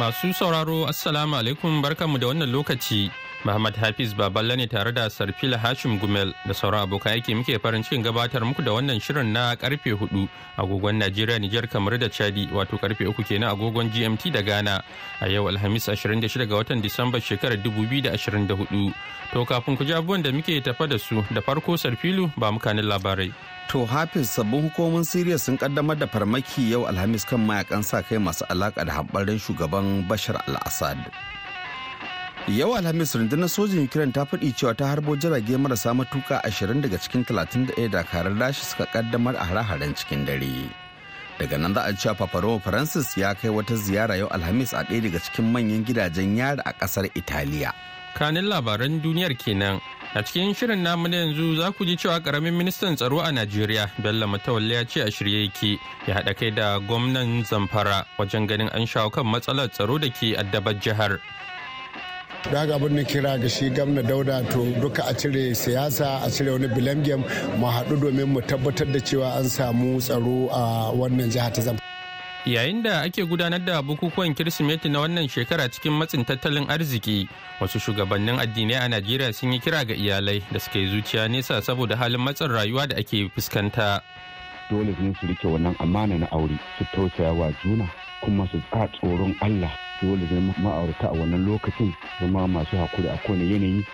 Masu sauraro Assalamu alaikum barkanmu da wannan lokaci. Muhammad Hafiz Baballe ne tare da Sarfila Hashim Gumel da sauran abokan aiki muke farin cikin gabatar muku da wannan shirin na karfe hudu agogon Najeriya Nijar kamar da Chadi wato karfe 3 kenan agogon GMT da Ghana a yau Alhamis 26 ga watan Disamba shekarar 2024. To kafin ku ji abubuwan da muke tafa da su da farko Sarfilu ba mukanin labarai. To Hafiz sabbin hukumomin Siriya sun kaddamar da farmaki yau Alhamis kan mayakan sa kai masu alaka da habarin shugaban Bashar al-Assad. Yau Alhamis rundunar sojin Ukraine ta faɗi cewa ta harbo jirage marasa matuka 20 daga cikin 31 dakarar dashi suka kaddamar a hare-haren cikin dare. Daga nan za a cewa Paparoma Francis ya kai wata ziyara yau Alhamis a ɗaya daga cikin manyan gidajen yari a ƙasar Italiya. Kanin labaran duniyar kenan A cikin shirin namu na yanzu za ku ji cewa karamin ministan tsaro a Najeriya Bello Matawalle ya ce a shirye yake ya haɗa kai da gwamnan Zamfara wajen ganin an shawo kan matsalar tsaro da ke addabar jihar. daga abin da kira ga shi gamna dauda to duka a cire siyasa a cire wani bilangem mu haɗu domin mu tabbatar da cewa an samu tsaro a wannan jihar ta zamfara. Yayin da ake gudanar da bukukuwan Kirsimeti na wannan shekara cikin matsin tattalin arziki, wasu shugabannin addinai a Najeriya sun yi kira ga iyalai da suka yi zuciya nesa saboda halin matsin rayuwa da ake fuskanta. Dole ne su rike wannan amana na aure su tausaya wa juna kuma su tsa tsoron Allah. Dole ne ma'aurata a wannan lokacin zama masu hakuri a kowane yanayi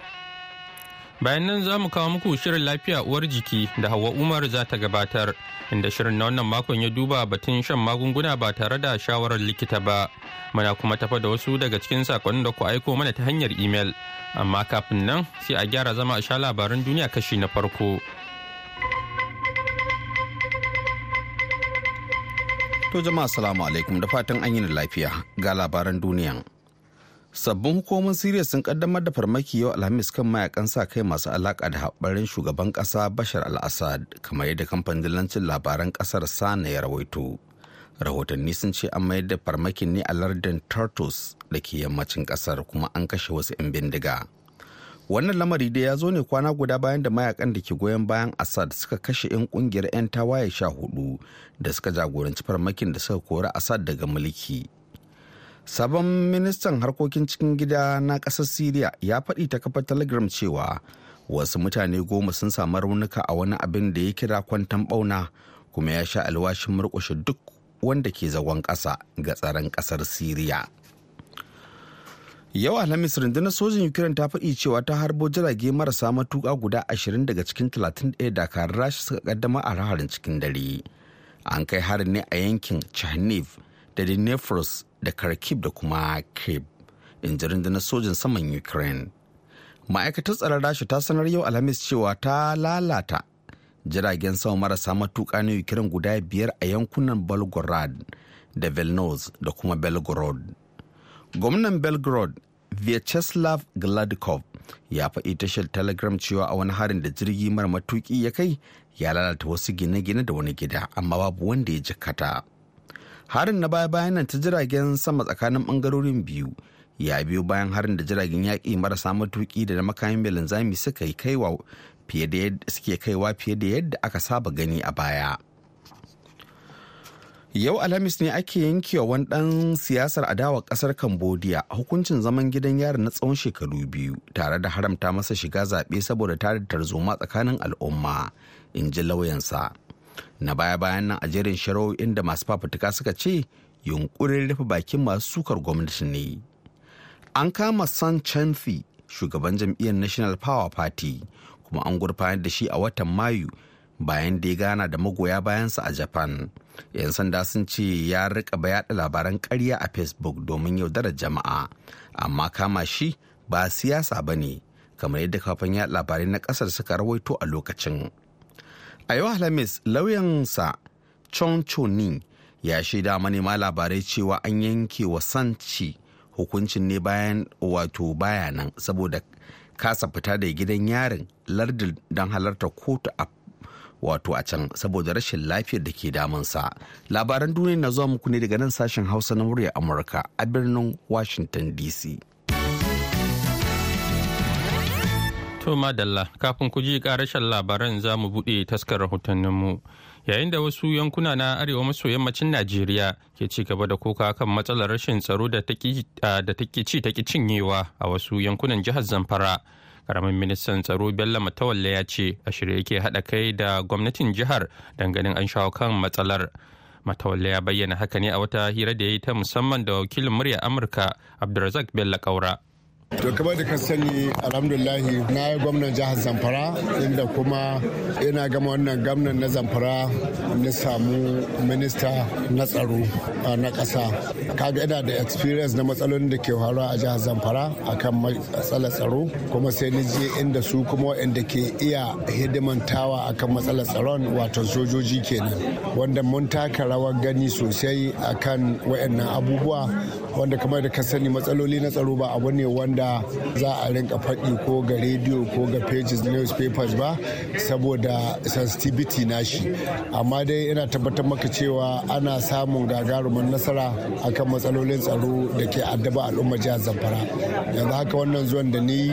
bayan nan za mu kawo muku shirin lafiya uwar jiki da hawa umar za ta gabatar inda shirin na wannan makon ya duba batun shan magunguna ba tare da shawarar likita ba muna kuma tafa da wasu daga cikin sakonnin da ku aiko mana ta hanyar imel amma kafin nan sai a gyara zama a sha labaran duniya kashi na farko to jama'a salamu alaikum da fatan an yi lafiya ga labaran duniya sabbin hukumomin siriya sun kaddamar da farmaki yau alhamis kan mayakan sa kai masu alaka da haɓarin shugaban ƙasa bashar al-assad kamar yadda kamfanin dillancin labaran ƙasar sana ya rawaito rahotanni sun ce an mayar da farmakin ne a lardin tartus da ke yammacin ƙasar kuma an kashe wasu 'yan bindiga wannan lamari da ya zo ne kwana guda bayan da mayakan da ke goyon bayan assad suka kashe 'yan kungiyar 'yan tawaye sha hudu da suka jagoranci farmakin da suka kori assad daga mulki sabon ministan harkokin cikin gida na ƙasar syria ya faɗi ta kafar telegram cewa wasu mutane goma sun samu raunuka a wani abin da ya kira kwantan bauna kuma ya sha alwashin murƙushe duk wanda ke zagon ƙasa ga tsaron ƙasar syria yau alhamis rundunar sojin ukraine ta faɗi cewa ta harbo jirage marasa matuƙa guda 20 daga cikin 31 dakar rashi suka kaddama a raharin cikin dare an kai harin ne a yankin cherniv da Dnipros da Kharkiv da kuma Kyiv, in ji rundunar sojin saman Ukraine. Ma'aikatar tsaron Rasha ta sanar yau Alhamis cewa ta lalata jiragen sama marasa matuƙa na Ukraine guda biyar a yankunan Belgorod da Vilnius da kuma Belgorod. Gwamnan Belgorod Vyacheslav Gladkov ya faɗi tashar Telegram cewa a wani harin da jirgi mara matuki ya kai ya lalata wasu gine-gine da wani gida amma babu wanda ya jikata harin na baya bayan nan ta jiragen sama tsakanin bangarorin biyu ya biyo bayan harin da jiragen yaƙi marasa matuƙi da na makamin mai linzami suka yi kaiwa fiye da yadda suke kaiwa fiye da yadda aka saba gani a baya yau alhamis ne ake yankewa wani ɗan siyasar adawar ƙasar cambodia hukuncin zaman gidan yari na tsawon shekaru biyu tare da haramta masa shiga zaɓe saboda tare da tarzoma tsakanin al'umma in ji lauyansa na baya-bayan nan a jerin shari'o'in inda masu fafutuka suka ce yunkurin rufe bakin masu sukar gwamnati ne an kama san chanfi shugaban jam'iyyar national power party kuma an gurfanar da shi a watan mayu bayan da ya gana da magoya bayansa a japan yan sanda sun ce ya rika ba yaɗa labaran karya a facebook domin yaudarar jama'a amma kama shi ba siyasa ba ne kamar yadda kafin yaɗa labarai na ƙasar suka rawaito a lokacin a yau alhamis lauyansa chong chunin ya shaida manema labarai cewa an yanke wa sanci hukuncin ne bayan wato bayanan saboda kasa fita da gidan yarin lardin don halarta kotu a wato a can saboda rashin lafiyar da ke sa labaran duniya na zuwa muku ne daga nan sashen hausa na murya amurka a birnin washington dc To madalla kafin ku ji karashen labaran za mu buɗe taskar rahotanninmu. Yayin da wasu yankuna na arewa maso yammacin Najeriya ke ci gaba da kuka kan matsalar rashin tsaro da take ci take cinyewa a wasu yankunan jihar Zamfara. Karamin ministan tsaro Bello Matawalle ya ce a shirye yake haɗa kai da gwamnatin jihar danganin an shawo kan matsalar. Matawalle ya bayyana haka ne a wata hira da ya yi ta musamman da wakilin murya Amurka Abdulrazak Bello Kaura. To kamar da ka sani alhamdulahi na yi gwamnan jihar Zamfara inda kuma ina gama wannan gwamnan na Zamfara na samu minista na tsaro na ƙasa. Kaga ina da experience na matsalolin da ke faruwa a jihar Zamfara akan matsalar tsaro kuma sai ni je inda su kuma waɗanda ke iya hidimantawa akan matsalar tsaron wato sojoji kenan wanda mun taka rawar gani sosai kan waɗannan abubuwa wanda kamar da ka sani matsaloli na tsaro ba abu ne wanda wanda za a rinka faɗi ko ga rediyo ko ga pages newspapers ba saboda sensitivity nashi amma dai yana tabbatar maka cewa ana samun gagarumin nasara akan matsalolin tsaro da ke addaba al'ummar jihar zamfara yanzu haka wannan zuwan da ni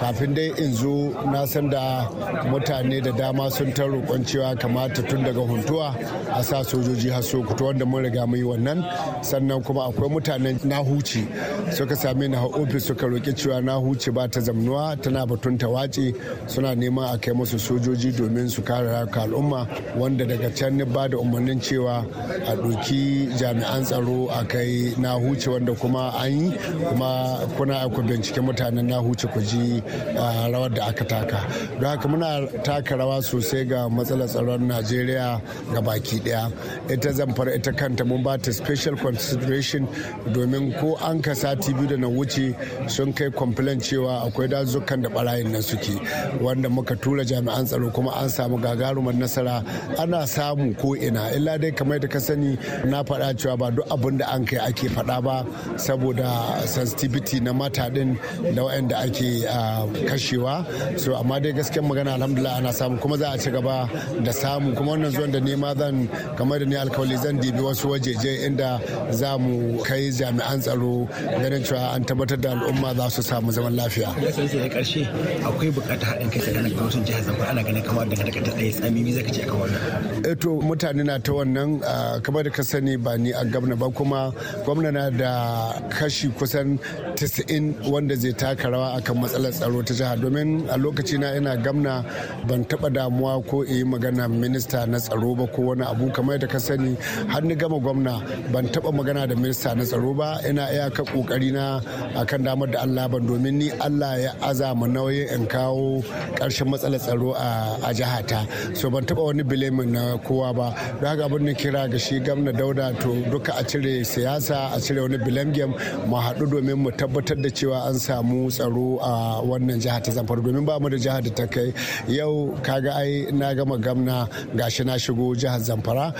kafin dai in zo na san da mutane da dama sun ta roƙon cewa kamata tun daga huntuwa a sa sojoji har sokoto wanda mun riga mu wannan sannan kuma akwai mutanen na huci suka same ni ofis suka roƙi take cewa na huce ba ta zamnuwa tana batun ta wace suna neman a kai musu sojoji domin su kare rayuka al'umma wanda daga can ne ba da umarnin cewa a ɗoki jami'an tsaro a kai na huce wanda kuma an yi kuma kuna ku bincike mutanen na huce ku ji rawar da aka taka don haka muna taka rawa sosai ga matsalar tsaron najeriya ga baki ɗaya ita zamfara ita kanta mun ba ta special consideration domin ko an ka sati biyu da na wuce sun kai complain cewa akwai dazukan da barayin na suke wanda muka tura jami'an tsaro kuma an samu gagarumar nasara ana samu ko ina illa dai kamar da ka sani na faɗa cewa ba duk abin da an kai ake faɗa ba saboda sensitivity na mata din da wa'anda ake kashewa so amma dai gaskiyar magana alhamdulillah ana samu kuma za a ci gaba da samu kuma wannan zuwan da nema zan kamar da ni alkawali zan dibi wasu wajeje inda za mu kai jami'an tsaro ganin cewa an tabbatar da al'umma za za su samu zaman lafiya. yasan sai karshe akwai bukatar haɗin kai tsakanin gwamnatin jihar Zamfara ana ganin kamar daga daga tsaye tsami me zaka ce akan wannan. Eh mutane na ta wannan kamar da ka sani ba ni a gwamna ba kuma gwamna na da kashi kusan 90 wanda zai taka rawa akan matsalar tsaro ta jihar domin a lokaci na ina gwamna ban taba damuwa ko yi magana minista na tsaro ba ko wani abu kamar da ka sani har ni gama gwamna ban taba magana da minista na tsaro ba ina iyaka kokari na akan damar da Allah Allah domin ni Allah ya azama nauyin in kawo ƙarshen matsalar tsaro a jihata so ban taba wani bilimin na kowa ba don haka abin kira ga shi gamna dauda to duka a cire siyasa a cire wani bilamgem mu haɗu domin mu tabbatar da cewa an samu tsaro a wannan jiha ta zamfara domin ba mu da jiha da ta kai yau kaga ai na gama gamna gashi na shigo jihar zamfara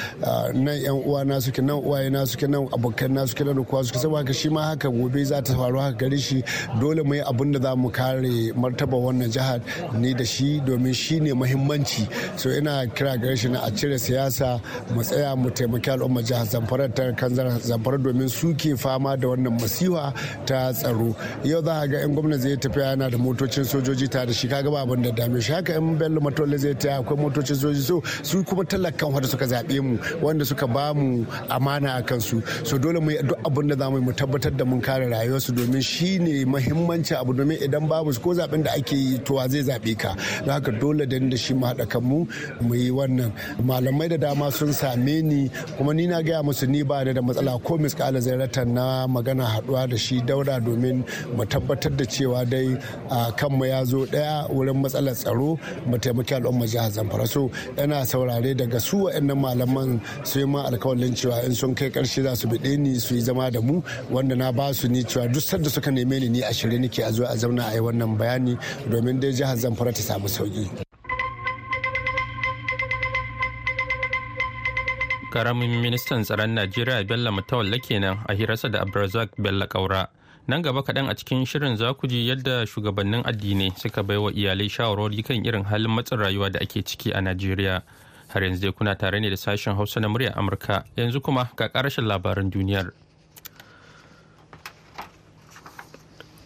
nan yan uwa na suke nan uwaye na suke nan abokan na suke nan kowa suke saboda haka shi ma haka gobe za ta faru haka gare shi dole mu yi abin da za mu kare martaba wannan jihar ni da shi domin shi ne muhimmanci so ina kira ga shi na a cire siyasa mu tsaya mu taimaki al'ummar jihar zamfara ta kanzar zamfara domin su ke fama da wannan masiwa ta tsaro yau za a ga yan gwamnati zai tafi yana da motocin sojoji tare da shi kaga ba abin da dame shi haka yan bello matolle zai ta akwai motocin sojoji so su kuma talakan wanda suka zaɓe mu wanda suka ba mu amana a kansu so dole mu yi duk abin da za mu tabbatar da mun kare rayuwarsu domin shi ne muhimmanci abu domin idan babu ko zaben da ake yi to zai zabe ka na haka dole da da shi mu haɗa kanmu mu yi wannan malamai da dama sun same ni kuma ni na gaya musu ni ba da matsala ko miskala zairatan na magana haɗuwa da shi daura domin mu tabbatar da cewa dai kanmu ya zo daya wurin matsalar tsaro mu taimaki al'umma jihar zamfara so yana saurare daga su wa'annan malaman su yi ma alkawalin cewa in sun kai karshe za su biɗe ni su yi zama da mu wanda na ba su ni cewa duk sanda suka neme ni ni ashirin nake a zuwa a zauna a yi wannan bayani domin dai jihar zamfara ta samu sauki karamin ministan tsaron najeriya bello mutawalla kenan a hirarsa da abdulrazak bello kaura nan gaba kaɗan a cikin shirin za ku ji yadda shugabannin addinai suka bai wa iyalai shawarwari kan irin halin matsin rayuwa da ake ciki a najeriya har yanzu dai kuna tare ne da sashen hausa na murya amurka yanzu kuma ga ƙarashin labaran duniyar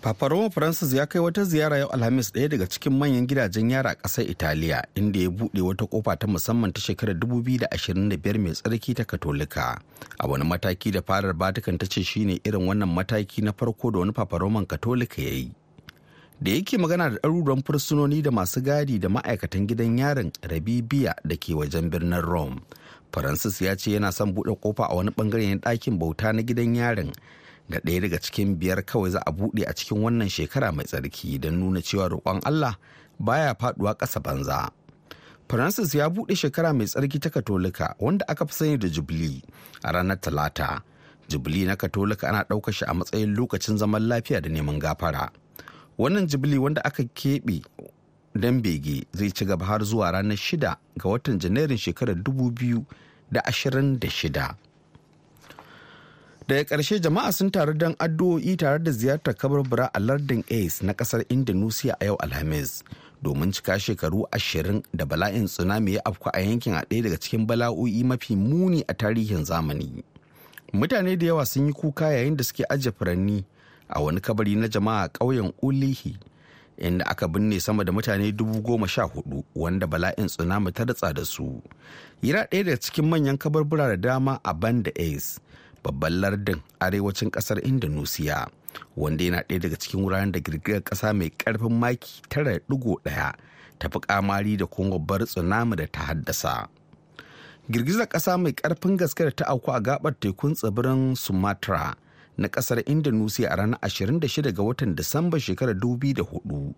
Papa Roma Francis ya kai wata ziyara yau Alhamis ɗaya daga cikin manyan gidajen yara a ƙasar Italiya inda ya buɗe wata kofa ta musamman ta shekarar 2025 mai tsarki ta Katolika. A wani mataki da farar Vatican ta ce shine irin wannan mataki na farko da wani Papa Katolika ya yi. Da yake magana da ɗaruruwan fursunoni da masu gadi da ma'aikatan gidan yarin Rabibiya da ke wajen birnin Rome. Francis ya ce yana son buɗe ƙofa a wani ɓangare na ɗakin bauta na gidan yarin ga ɗaya daga cikin biyar kawai za a buɗe a cikin wannan shekara mai tsarki don nuna cewa roƙon Allah baya faɗuwa ƙasa banza. Francis ya buɗe shekara mai tsarki ta Katolika wanda aka fi sani da Jubilee a ranar Talata. Jubilee na Katolika ana ɗaukar shi a matsayin lokacin zaman lafiya da neman gafara. Wannan Jubilee wanda aka keɓe don bege zai ci gaba har zuwa ranar shida ga watan Janairun shekarar dubu biyu da ashirin da shida. daga ƙarshe jama'a sun taru don addu'o'i tare da ziyartar kabarbura a lardin ace na ƙasar indonesia a yau alhamis domin cika shekaru ashirin da bala'in tsunami ya afku a yankin a ɗaya daga cikin bala'o'i mafi muni a tarihin zamani mutane da yawa sun yi kuka yayin da suke ajiye furanni a wani kabari na jama'a ƙauyen ulihi inda aka binne sama da mutane dubu goma sha hudu wanda bala'in tsunami ta datsa da su yana ɗaya daga cikin manyan kabarbura da dama a banda ace babban lardin arewacin kasar indonesia wanda yana ɗaya daga cikin wuraren da girgizar ƙasa mai ƙarfin maki 9.1 tafi kamari da kuma babbar tsunami da ta haddasa girgizar ƙasa mai ƙarfin gaske da ta auku a gabar tekun tsibirin sumatra na kasar indonesia a ranar 26 ga watan disamba shekarar 2004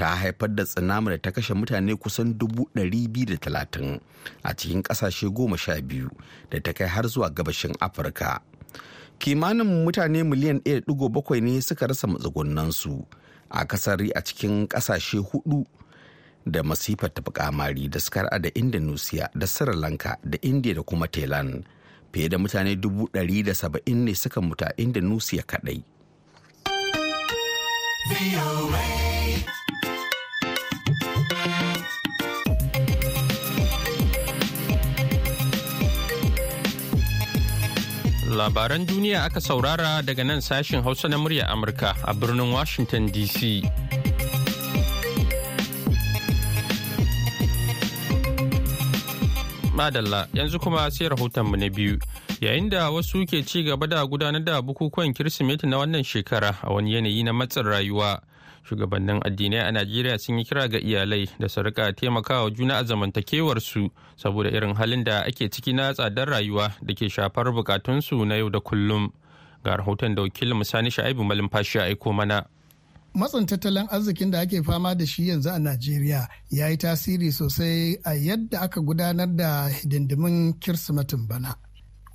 ta haifar da tsunami da ta kashe mutane kusan 230 a cikin kasashe 12 da ta kai har zuwa gabashin afirka kimanin mutane miliyan 1.7 ne suka rasa matsugunansu a kasar a cikin kasashe hudu da masifar tafi kamari da suka da indonesia da sri lanka da india da kuma thailand fiye da mutane dubu da saba'in ne suka mutu a indonesia kadai labaran duniya aka saurara daga nan sashin hausa na murya amurka a birnin washington dc Madalla yanzu kuma sai rahoton mu na biyu. Yayin da wasu ke ci gaba da gudanar da bukukuwan Kirsimeti na wannan shekara a wani yanayi na matsin rayuwa. Shugabannin addinai a Najeriya sun yi kira ga iyalai da su rika taimakawa juna a zamantakewarsu saboda irin halin da ake ciki na tsadar rayuwa da ke shafar bukatunsu na yau da kullum. Ga rahoton da wakilin Sani Sha'ibu Malumfashi ya aiko mana. matsin tattalin arzikin da ake fama da shi yanzu a najeriya ya yi tasiri sosai a yadda aka gudanar da hidindimin kirsimetin bana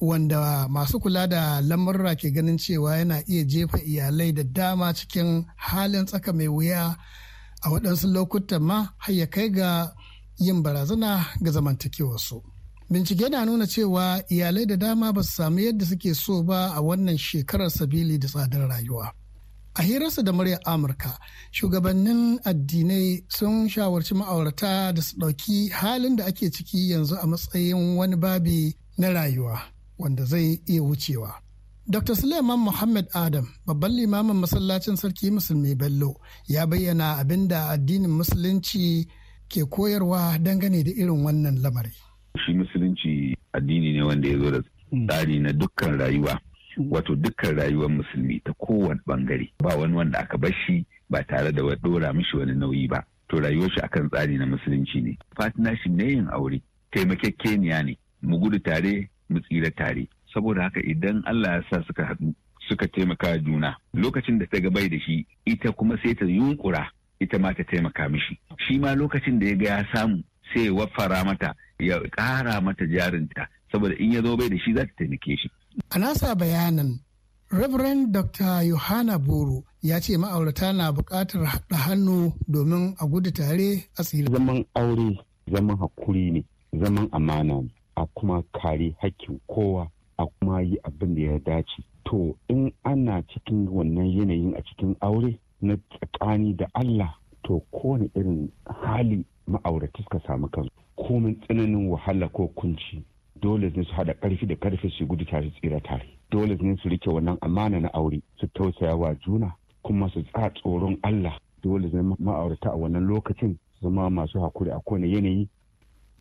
wanda masu kula da lamurra ke ganin cewa yana iya jefa iyalai da dama cikin halin tsaka mai wuya a waɗansu lokutan ma har ya kai ga yin barazana ga zamantakewarsu. Bincike na nuna cewa iyalai da dama ba su sami yadda suke so ba a wannan shekarar sabili da tsadar rayuwa. a hirarsa da muryar amurka shugabannin addinai sun shawarci ma'aurata da su ɗauki halin da ake ciki yanzu a matsayin wani babi na rayuwa wanda zai iya wucewa dr suleiman muhammad adam babban limamin masallacin sarki musulmi bello ya bayyana abin da addinin musulunci ke koyarwa dangane da irin wannan lamari shi musulunci addini ne wanda ya zo da tsari na dukkan rayuwa wato dukkan rayuwar musulmi ta kowane bangare ba wani wanda aka bar shi ba tare da dora mishi wani nauyi ba to rayuwar shi akan tsari na musulunci ne shi ne yin aure taimakekeniya ne mu gudu tare mu tsira tare saboda haka idan Allah ya sa suka haɗu suka taimaka juna lokacin da ta gabai da shi ita kuma sai ta yunkura ita ma ta taimaka mishi shi ma lokacin da ya ga ya samu sai ya waffara mata ya ƙara mata jarinta saboda in ya zo bai da shi za ta taimake shi A nasa bayanin, Reverend Dr. Yohana Boro ya ce ma'aurata na buƙatar haɗa hannu domin a gudu tare a tsira. Zaman aure, zaman hakuri ne, zaman amana ne, a kuma kare hakkin kowa, a kuma yi abin da ya dace. To, in ana cikin wannan yanayin a cikin aure na tsakani da Allah, to kowane irin hali ma'aurata suka samu kansu. Komin tsananin wahala ko kunci dole ne su haɗa ƙarfi da ƙarfi su gudu tare tsira tare dole ne su rike wannan amana na aure su tausaya wa juna kuma su tsa tsoron Allah dole ne ma'aurata a wannan lokacin su zama masu hakuri a kowane yanayi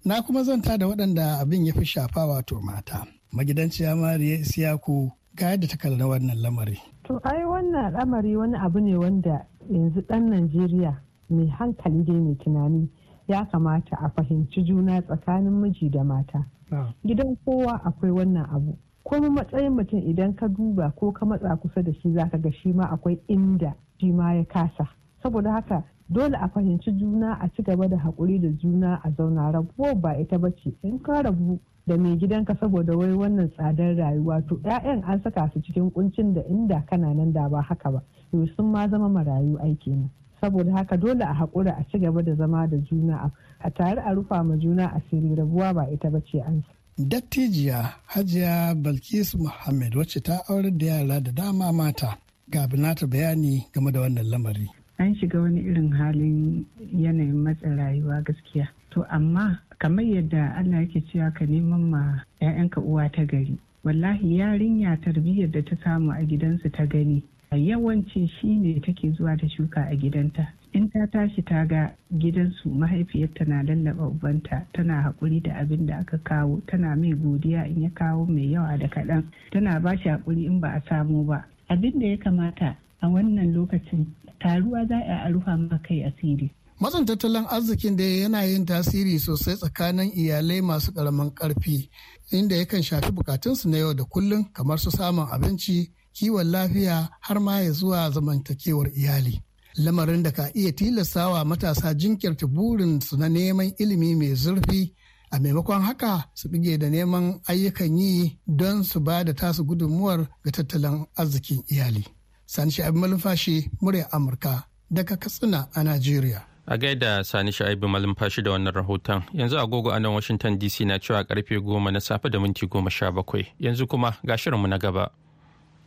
na kuma zanta da waɗanda abin ya fi shafa wato mata magidanciya mariya isiyaku ga yadda ta kalli wannan lamari to ai wannan lamari wani abu ne wanda yanzu ɗan najeriya mai hankali dai mai tunani ya kamata a fahimci juna tsakanin miji da mata ah. gidan kowa akwai wannan abu kuma matsayin mutum idan ka duba ko ka matsa kusa da shi zaka ga shi ma akwai inda shi ma ya kasa saboda haka dole a fahimci juna a ci gaba da hakuri da juna a zauna rabuwa ba ita ba ce in ka rabu da mai gidanka saboda wai wannan tsadar rayuwa to 'ya'yan an saka su cikin kuncin da inda kana nan da ba haka ba to sun ma zama marayu aiki ne saboda haka dole a haƙura a ci gaba da zama da juna a tare a rufa ma juna a asiri rabuwa ba ita ba ce an dattijiya hajiya balkis muhammad wacce ta aurar da yara da dama mata ga binata bayani game da wannan lamari an shiga wani irin halin yanayin matsin rayuwa gaskiya to amma kamar yadda allah yake cewa ka neman ma 'ya'yanka uwa ta gari wallahi yarinya tarbiyyar da ta samu a gidansu ta gani yawancin shi ne take zuwa da shuka a gidanta in ta tashi ta ga gidansu mahaifiyarta na lallaba babbanta tana haƙuri da abin da aka kawo tana mai godiya in ya kawo mai yawa da kaɗan tana ba shi haƙuri in ba a samu ba abin da ya kamata a wannan lokacin taruwa za a rufa ma kai asiri matsin tattalin arzikin da yana yin tasiri sosai tsakanin iyalai masu ƙaramin ƙarfi inda yakan shafi bukatunsu na yau da kullum kamar su samun abinci kiwon lafiya har ma ya zuwa zamantakewar iyali. Lamarin da ka iya tilastawa matasa jinkirta burin su na neman ilimi mai zurfi a maimakon haka su bige da neman ayyukan yi don su ba da tasu gudunmuwar ga tattalin arzikin iyali. Sani Sha'ibu Malumfashi, murya Amurka, daga Katsina a Najeriya. A gaida Sani Sha'ibu Malumfashi da wannan rahoton, yanzu agogo a nan Washington DC na cewa karfe goma na safe da minti goma sha bakwai, yanzu kuma ga shirinmu na gaba.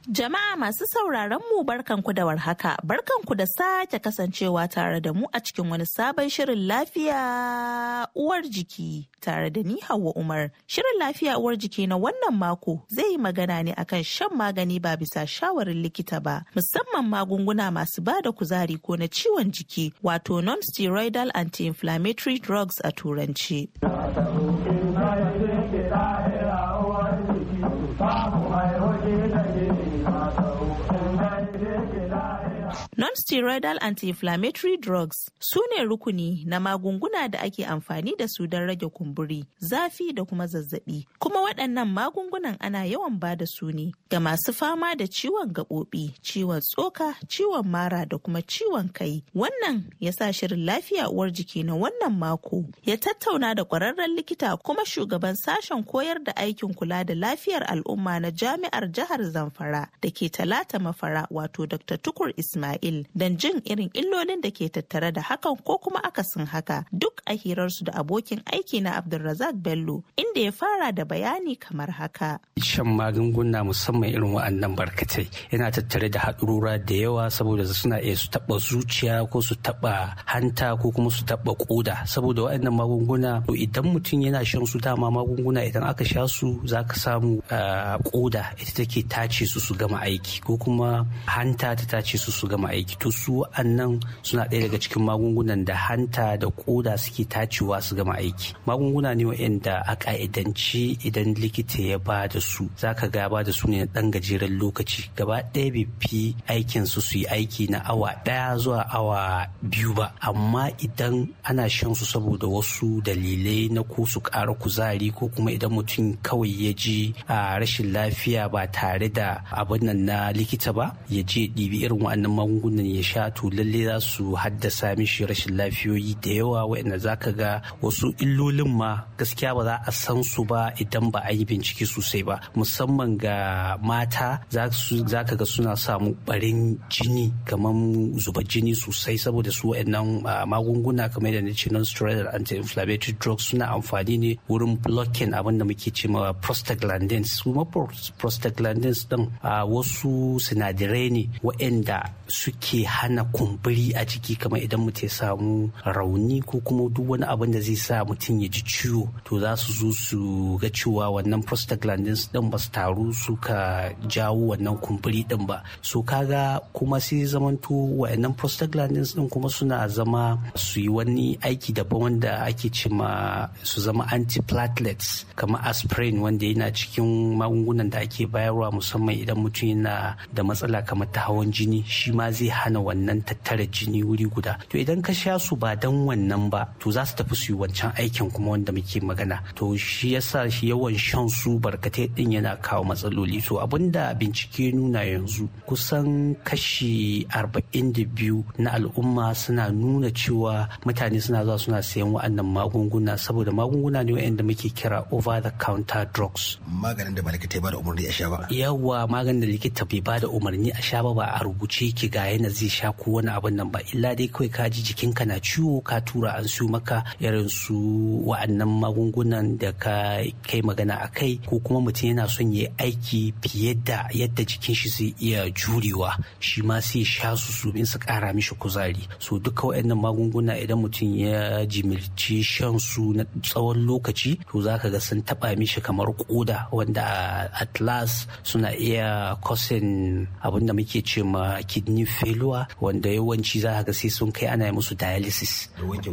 Jama'a masu sauraron mu barkanku da warhaka, barkanku da sake kasancewa tare da mu a cikin wani sabon shirin lafiya uwar jiki tare da ni Hauwa Umar. Shirin lafiya uwar jiki na wannan mako zai yi magana ne akan shan magani ba bisa shawarin likita ba, musamman magunguna masu ba da kuzari ko na ciwon jiki wato non-steroidal anti-inflammatory drugs a turanci. Non-steroidal anti-inflammatory drugs su ne rukuni na magunguna da ake amfani da su don rage kumburi, zafi da kuma zazzabi. Kuma waɗannan magungunan ana yawan ba da su ne ga masu fama da ciwon gaɓoɓi, ciwon tsoka, ciwon mara da kuma ciwon kai. Wannan ya sa shirin lafiya uwar jiki na wannan mako ya tattauna da ƙwararren likita kuma shugaban sashen koyar da aikin kula da lafiyar al'umma na jami'ar jihar Zamfara da ke talata mafara wato Dr. Tukur Ismail. Isra'il don jin irin illolin da ke tattare da hakan ko kuma akasin haka duk a hirarsu da abokin aiki na Abdulrazak Bello inda ya fara da bayani kamar haka. Shan magunguna musamman irin wa'annan barkatai yana tattare da haɗurura da yawa saboda suna iya su taɓa zuciya ko su taɓa hanta ko kuma su taɓa ƙoda saboda wa'annan magunguna to idan mutum yana shan su dama magunguna idan aka sha su za ka samu ƙoda ita take tace su su gama aiki ko kuma hanta ta tace su su gama aiki. aiki to su wa'annan suna ɗaya daga cikin magungunan da hanta da koda suke tacewa su gama aiki magunguna ne wa'anda a ka'idanci idan likita ya ba da su ka ga ba da su ne na ɗan gajeren lokaci gaba ɗaya bai fi aikin su su yi aiki na awa ɗaya zuwa awa biyu ba amma idan ana shan su saboda wasu dalilai na ko su ƙara kuzari ko kuma idan mutum kawai ya ji a rashin lafiya ba tare da abin nan na likita ba ya je ɗibi irin wa'annan magunguna magungunan ya sha to lalle za su haddasa mishi rashin lafiyoyi da yawa waɗanda za ka ga wasu illolin ma gaskiya ba za a san su ba idan ba a yi bincike sosai ba musamman ga mata za ka ga suna samu barin jini kamar zuba jini sosai saboda su waɗannan magunguna kamar da ce non-steroidal anti-inflammatory drugs suna amfani ne wurin blocking abin da muke ce ma prostaglandins kuma ma prostaglandins din wasu sinadarai ne waɗanda su suke hana kumburi a jiki kamar idan mutum ya samu rauni ko kuma duk wani abin da zai sa mutum ya ji ciwo to za su zo su ga cewa wannan prostaglandins din ba su taru suka jawo wannan kumburi din ba so kaga kuma sai zamanto wa'annan prostaglandins din kuma suna zama su yi wani aiki daban wanda ake cima su zama antiplatelets kamar aspirin wanda yana cikin magungunan da ake bayarwa musamman idan mutum yana da matsala kamar ta hawan jini shi ma zai hana wannan tattara jini wuri guda to idan ka sha su ba dan wannan ba to za su tafi su yi wancan aikin kuma wanda muke magana to shi yasa shi yawan shan su barkatai din yana kawo matsaloli to abinda bincike nuna yanzu kusan kashi 42 na al'umma suna nuna cewa mutane suna zuwa suna sayan wa'annan magunguna saboda magunguna ne wa'anda muke kira over the counter drugs maganin da ba likita ya bada umarni a sha ba yawa maganin da likita bai bada umarni a sha ba ba a rubuce ki ga yana zai sha ko wani abin nan ba illa dai kawai ka ji jikinka na ciwo ka tura an su maka irin su wa'annan magungunan da ka kai magana a kai ko kuma mutum yana son ya aiki fiye da yadda jikin shi zai iya jurewa shi ma sai sha su su su kara mishi kuzari so duka wa'annan magunguna idan mutum ya jimilci shan su na tsawon lokaci to zaka ga sun taba mishi kamar koda wanda at last suna iya causing abin da muke ce ma kidney feluwa wanda yawanci za a ga sai sun kai ana musu dialysis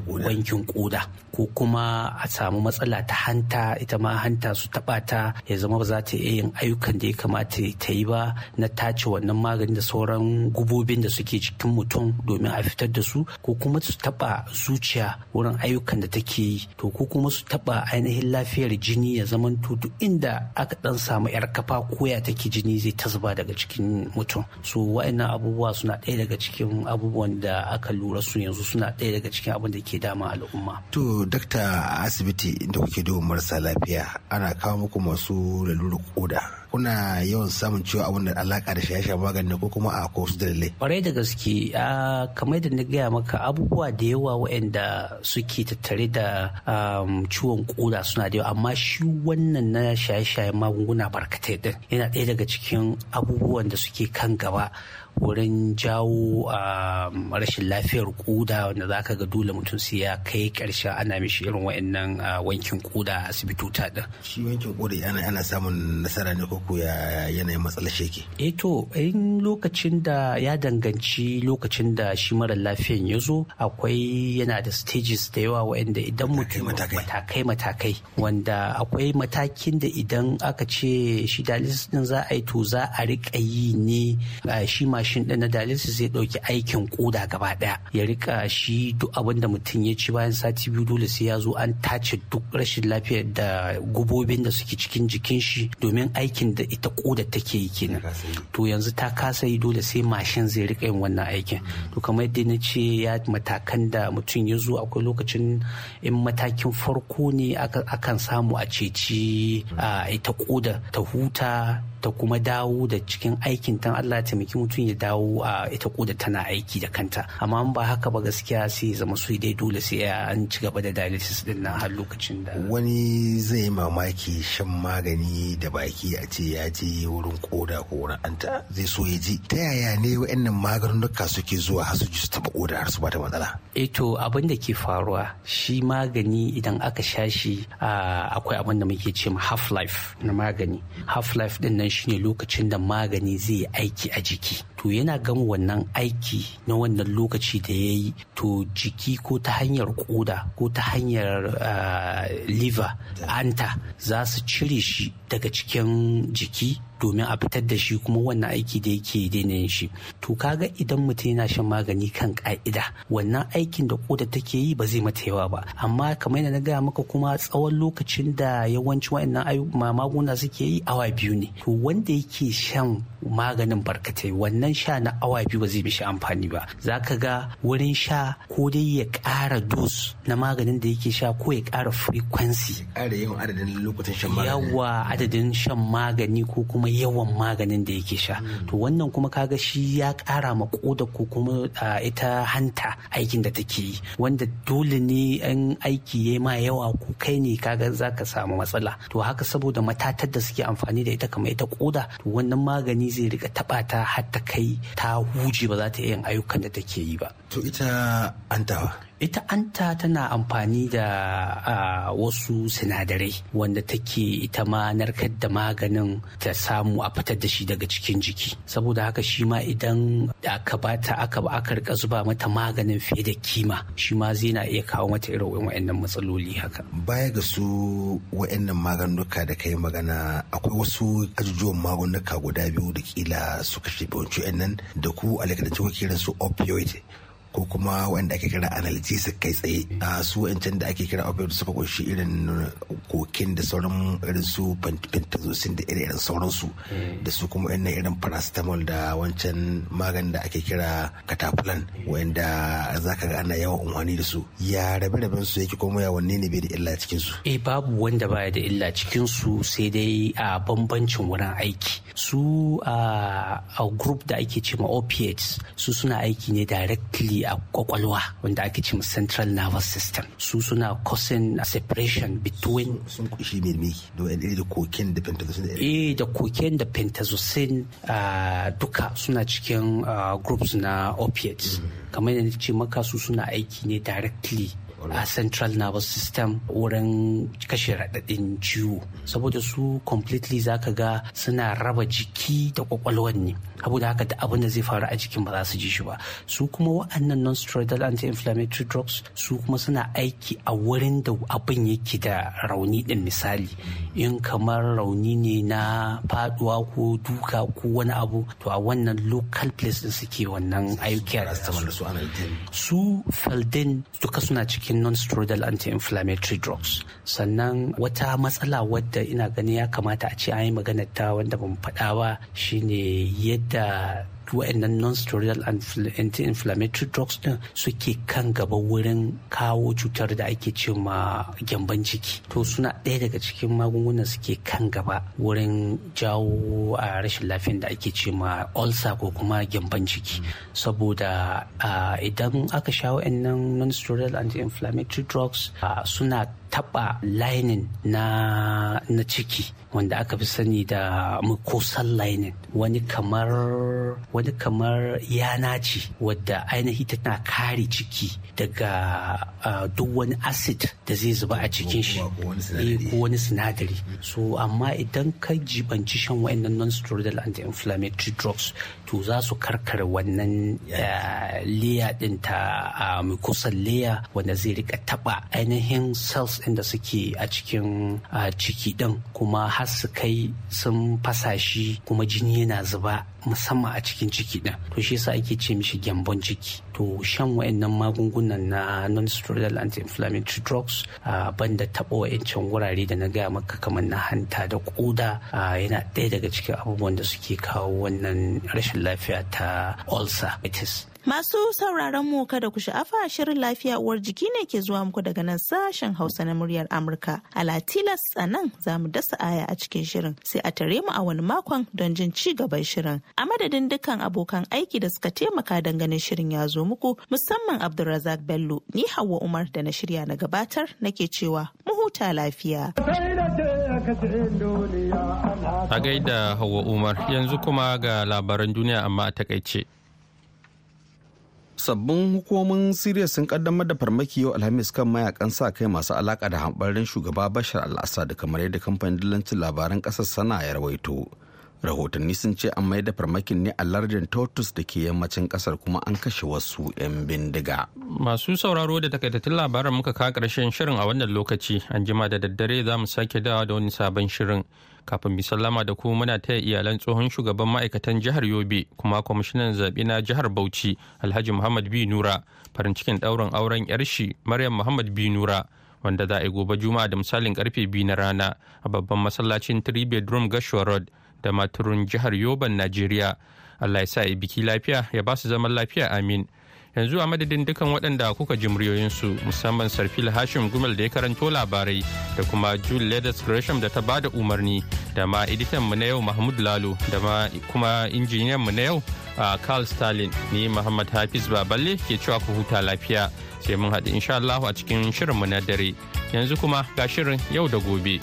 wankin koda ko kuma a samu matsala ta hanta ita ma hanta su taba ta ya zama ba za ta iya yin ayyukan da ya kamata ta yi ba na tace wannan magani da sauran gubobin da suke cikin mutum domin a fitar da su ko kuma su taba zuciya wurin ayyukan da take yi to ko kuma su taba ainihin lafiyar jini ya zama duk inda aka dan samu yar kafa koya take jini zai ta zuba daga cikin mutum so wa'annan abubuwa suna Daya ɗaya daga cikin abubuwan da aka lura su yanzu suna ɗaya daga cikin abin da ke dama al'umma. To dakta a asibiti da kuke duba marasa lafiya ana kawo muku masu lalura koda. Kuna yawan samun cewa abin da alaka da shaye-shayen magani ko kuma a ko su dalilai. Kwarai da gaske kamar da na gaya maka abubuwa da yawa waɗanda suke tattare da ciwon koda suna da yawa amma shi wannan na shaye-shayen magunguna barkatai din yana ɗaya daga cikin abubuwan da suke kan gaba wurin jawo ah, rashin lafiyar kuda wanda za ka ga dole mutum sai ya kai karshen ana mishi irin wa'annan ah, wankin kuda a asibitota din. Shi wankin yana ana samun nasara ne ko ya yanayin matsalar sheke. Eh to in lokacin da ya danganci lokacin da shi mara lafiyan ya zo akwai yana da stages da yawa wa'anda idan mutum matakai matakai wanda akwai matakin da idan aka ce shi dialysis din za a yi to za a riƙa yi ne ah, shi ma mashin din na dialysis zai ɗauki aikin koda gaba ɗaya ya rika shi duk abin da mutum ya ci bayan sati biyu dole sai ya zo an tace duk rashin lafiyar da gubobin da suke cikin jikin shi domin aikin da ita koda take yi kenan to yanzu ta kasa yi dole sai mashin zai rika yin wannan aikin mm. to kamar yadda na ce ya matakan da mutum ya zo akwai lokacin in matakin farko ne akan samu a ceci mm. a ita koda ta huta ta kuma dawo da cikin aikin tan Allah taimaki mutum ya dawo a ita koda tana aiki da kanta amma ba haka ba gaskiya sai zama su dai dole sai an ci gaba da dialysis din nan har lokacin da wani zai mamaki shan magani da baki a ce ya je wurin koda ko wurin anta zai so ya ji ta yaya ne wa'annan maganunuka suke zuwa har su ji su taba koda har su ta matsala eh to abin da ke faruwa shi magani idan aka sha shi akwai abin da muke ce half life na magani half life din nan shine lokacin da magani zai aiki a jiki to yana gan wannan aiki na wannan lokaci da ya yi to jiki ko ta hanyar koda ko ta hanyar ah, liver anta za su cire shi daga cikin jiki domin a fitar da shi kuma wannan aiki da yake daina shi to kaga idan mutum yana shan magani kan ka'ida wannan aikin da koda take yi ba zai mata yawa ba amma kamar yadda na gaya maka kuma tsawon lokacin da yawanci wa'annan maguna suke yi awa biyu ne to wanda yake shan maganin barkatai wannan sha na awa biyu ba zai mishi amfani ba za ka ga wurin sha ko dai ya ƙara dos na maganin da yake sha ko ya kara frequency ƙara yawan adadin lokacin shan magani yawa adadin shan magani ko kuma yawan maganin da yake sha hmm. to wannan kuma kaga shi ya kara ma koda ko kuma ita hanta aikin da take yi wanda dole ne an aiki ya ma yawa ko kai ne kaga za ka samu matsala to haka saboda matatar da suke amfani da ita kamar ita koda to wannan magani zai rika taɓa ta har ta kai kai ta huje ba za ta yin ayyukan da take yi ba to ita an antawa ita anta tana amfani da wasu sinadarai wanda take ita ma narkar da maganin ta samu a fitar da shi daga cikin jiki saboda haka shi ma idan aka bata aka ba aka rika zuba mata maganin fiye da kima shi ma zai na iya kawo mata irin wa'annan matsaloli haka baya ga su wa'annan maganuka da kai magana akwai wasu ajujuwan magunguka guda biyu da kila suka shi wancan nan da ku a kiran su opioid ko kuma wanda ake kira analgesic kai tsaye a su wancan da ake kira opioid suka kunshi irin kokin da sauran irin su pentazocin da irin sauran su, da su kuma irin irin paracetamol da wancan maganin da ake kira katapulan wanda zaka ga ana yawan umarni da su ya rabe raben su yake kuma ya wanne ne bai da illa cikin su eh babu wanda baya da illa cikin su sai dai a bambancin wurin aiki su a group da ake cewa opiates su suna aiki ne directly a kwakwalwa wanda ake ce central nervous system su suna causing separation between sun kushi ne me da koken da pentazocin eh da koken da pentazocin ah, duka suna cikin ah, groups na opiates mm. kamar yadda ce maka su suna aiki ne directly a central nervous system wurin kashe raɗaɗin ciwo saboda su completely zaka ga suna raba jiki da kwakwalwan ne saboda haka da abin da zai faru a jikin ba za su ji shi ba su kuma wa'annan non-steroidal anti-inflammatory drugs su kuma suna aiki a wurin da abin yake da rauni din misali in kamar rauni ne na faduwa ko duka ko wani abu to a wannan local place din suke wannan ayyuka su feldin duka suna cikin non-steroidal anti-inflammatory drugs sannan wata matsala wadda ina gani ya kamata a ce an yi magana ta wanda ban faɗa ba shine yadda da wa'annan non-steroidal anti-inflammatory drugs din suke kan gaba wurin kawo cutar da ake ce ma gyamban ciki to suna ɗaya daga cikin magungunan suke kan gaba wurin jawo a rashin lafiyan da ake ce ma ulcer ko kuma gyamban ciki saboda idan aka sha wa'annan non-steroidal anti-inflammatory drugs suna Taɓa lining na, na ciki wanda aka fi sani da mucosal lining wani kamar wani kamar yana ce wadda ainihi tana kare ciki daga duk wani acid da zai zuba a cikin shi ko wani eh, sinadari so amma idan ka jibanci shan wa'annan non-steroidal anti-inflammatory drugs to za su karkar wannan eh, layer din ta mucosal layer wanda zai rika taɓa ainihin cells gas ɗin da suke a cikin ciki ɗin kuma har su kai sun fasa shi kuma jini yana zuba musamman a cikin ciki ɗin to shi yasa ake ce mishi gyambon ciki to shan wayannan magungunan na non-steroidal anti-inflammatory drugs banda taɓa wayancan wurare da na gaya maka kamar na hanta da koda yana ɗaya daga cikin abubuwan da suke kawo wannan rashin lafiya ta ulcer Masu sauraron mu kada ku sha'afa shirin lafiya uwar jiki ne ke zuwa muku daga nan sashen Hausa na muryar Amurka. A Latilas a nan za mu dasa aya a cikin shirin sai a tare mu a wani makon don jin ci gaban shirin. A madadin dukkan abokan aiki da suka taimaka don ganin shirin ya zo muku musamman Abdulrazak Bello ni Hauwa Umar da na shirya na gabatar nake cewa mu huta lafiya. A gaida Hauwa Umar yanzu kuma ga labaran duniya amma a takaice. sabbin hukumomin siriya sun kaddamar da farmaki yau alhamis kan mayakan sa kai masu alaka da hambarin shugaba bashar al da kamar yadda kamfanin dillancin labaran kasar sana ya rawaito rahotanni sun ce an mai da farmakin ne a lardin totus da ke yammacin kasar kuma an kashe wasu 'yan bindiga masu sauraro da takaitattun labaran muka kawo karshen shirin a wannan lokaci an jima da daddare za mu sake dawa da wani sabon shirin kafin mu sallama da ku muna taya iyalan tsohon shugaban ma'aikatan jihar yobe kuma kwamishinan zaɓe na jihar bauchi alhaji muhammad bi nura farin cikin ɗaurin auren yar shi maryam muhammad bi nura wanda za a yi gobe juma'a da misalin karfe biyu na rana a babban masallacin three bedroom gashua road da maturun jihar yoban najeriya allah ya sa ya biki lafiya ya ba su zaman lafiya amin yanzu a madadin dukan waɗanda kuka ji muryoyinsu musamman sarfil hashim gumel da ya karanto labarai da kuma jule ledes gresham da ta ba da umarni da ma editan mu na yau mahmud lalo da ma kuma injiniyan mu na yau a carl stalin ni muhammad hafiz baballe ke cewa ku huta lafiya sai mun haɗu insha allahu a cikin shirin mu na dare yanzu kuma ga shirin yau da gobe.